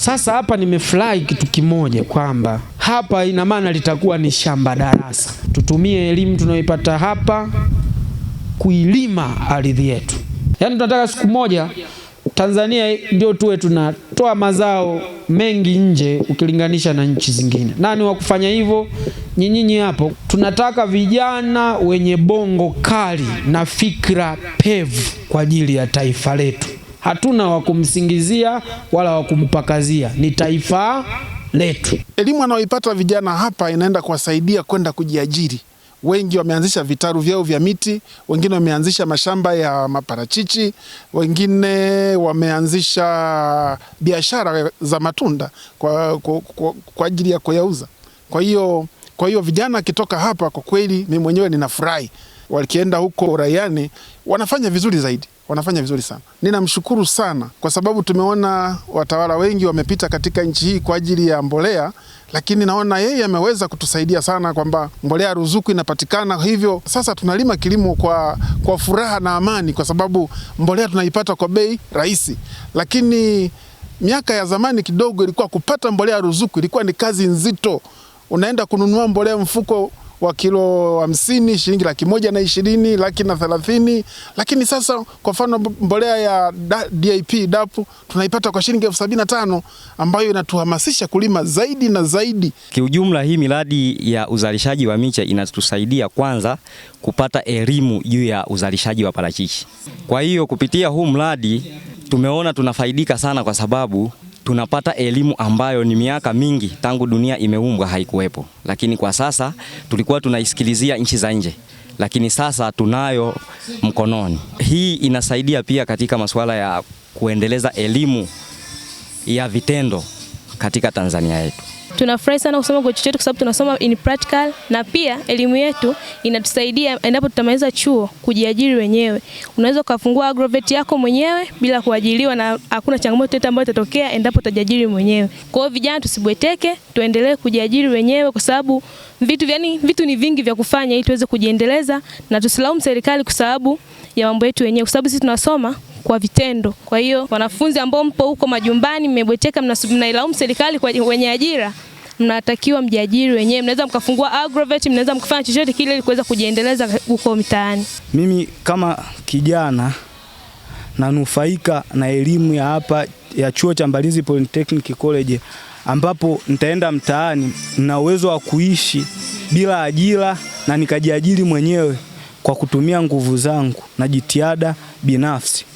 Sasa hapa nimefurahi kitu kimoja kwamba hapa ina maana litakuwa ni shamba darasa. Tutumie elimu tunayoipata hapa kuilima ardhi yetu. Yaani tunataka siku moja Tanzania ndio tuwe tunatoa mazao mengi nje ukilinganisha na nchi zingine. Nani wa kufanya hivyo? Nyinyi hapo. Tunataka vijana wenye bongo kali na fikra pevu kwa ajili ya taifa letu hatuna wa kumsingizia wala wa kumpakazia, ni taifa letu. Elimu anayoipata vijana hapa inaenda kuwasaidia kwenda kujiajiri. Wengi wameanzisha vitaru vyao vya miti, wengine wameanzisha mashamba ya maparachichi, wengine wameanzisha biashara za matunda kwa, kwa, kwa, kwa ajili ya kuyauza. Kwa hiyo kwa hiyo vijana akitoka hapa, kwa kweli mimi mwenyewe ninafurahi wakienda huko uraiani wanafanya vizuri zaidi, wanafanya vizuri sana. Ninamshukuru sana kwa sababu tumeona watawala wengi wamepita katika nchi hii kwa ajili ya mbolea, lakini naona yeye ameweza kutusaidia sana kwamba mbolea ruzuku inapatikana, hivyo sasa tunalima kilimo kwa, kwa furaha na amani, kwa sababu mbolea tunaipata kwa bei rahisi. Lakini miaka ya zamani kidogo ilikuwa kupata mbolea ruzuku ilikuwa ni kazi nzito, unaenda kununua mbolea mfuko wa kilo hamsini shilingi laki moja na ishirini laki na thelathini lakini sasa kwa mfano mbolea ya DAP DAP tunaipata kwa shilingi elfu sabini na tano ambayo inatuhamasisha kulima zaidi na zaidi. Kiujumla, hii miradi ya uzalishaji wa miche inatusaidia kwanza kupata elimu juu ya uzalishaji wa parachichi. Kwa hiyo kupitia huu mradi tumeona tunafaidika sana kwa sababu tunapata elimu ambayo ni miaka mingi tangu dunia imeumbwa haikuwepo, lakini kwa sasa tulikuwa tunaisikilizia nchi za nje, lakini sasa tunayo mkononi. Hii inasaidia pia katika masuala ya kuendeleza elimu ya vitendo katika Tanzania yetu. Tunafurahi sana kusoma kwa chuo chetu kwa sababu tunasoma in practical na pia elimu yetu inatusaidia endapo tutamaliza chuo kujiajiri wenyewe. Unaweza ukafungua agrovet yako mwenyewe bila kuajiriwa na hakuna changamoto yoyote ambayo itatokea endapo utajiajiri mwenyewe. Kwa hiyo vijana, tusibweteke, tuendelee kujiajiri wenyewe kwa sababu vitu yani, vitu ni vingi vya kufanya ili tuweze kujiendeleza na tusilaumu serikali kwa sababu ya mambo yetu wenyewe kwa sababu sisi tunasoma kwa vitendo. Kwa hiyo wanafunzi ambao mpo huko majumbani mmebweteka, mnailaumu serikali kwa wenye ajira, mnatakiwa mjiajiri wenyewe. Mnaweza mkafungua agrovet, mnaweza mkafanya chochote kile ili kuweza kujiendeleza huko mitaani. Mimi kama kijana nanufaika na elimu ya hapa ya chuo cha Mbalizi Polytechnic College ambapo nitaenda mtaani na uwezo wa kuishi bila ajira na nikajiajiri mwenyewe kwa kutumia nguvu zangu na jitihada binafsi.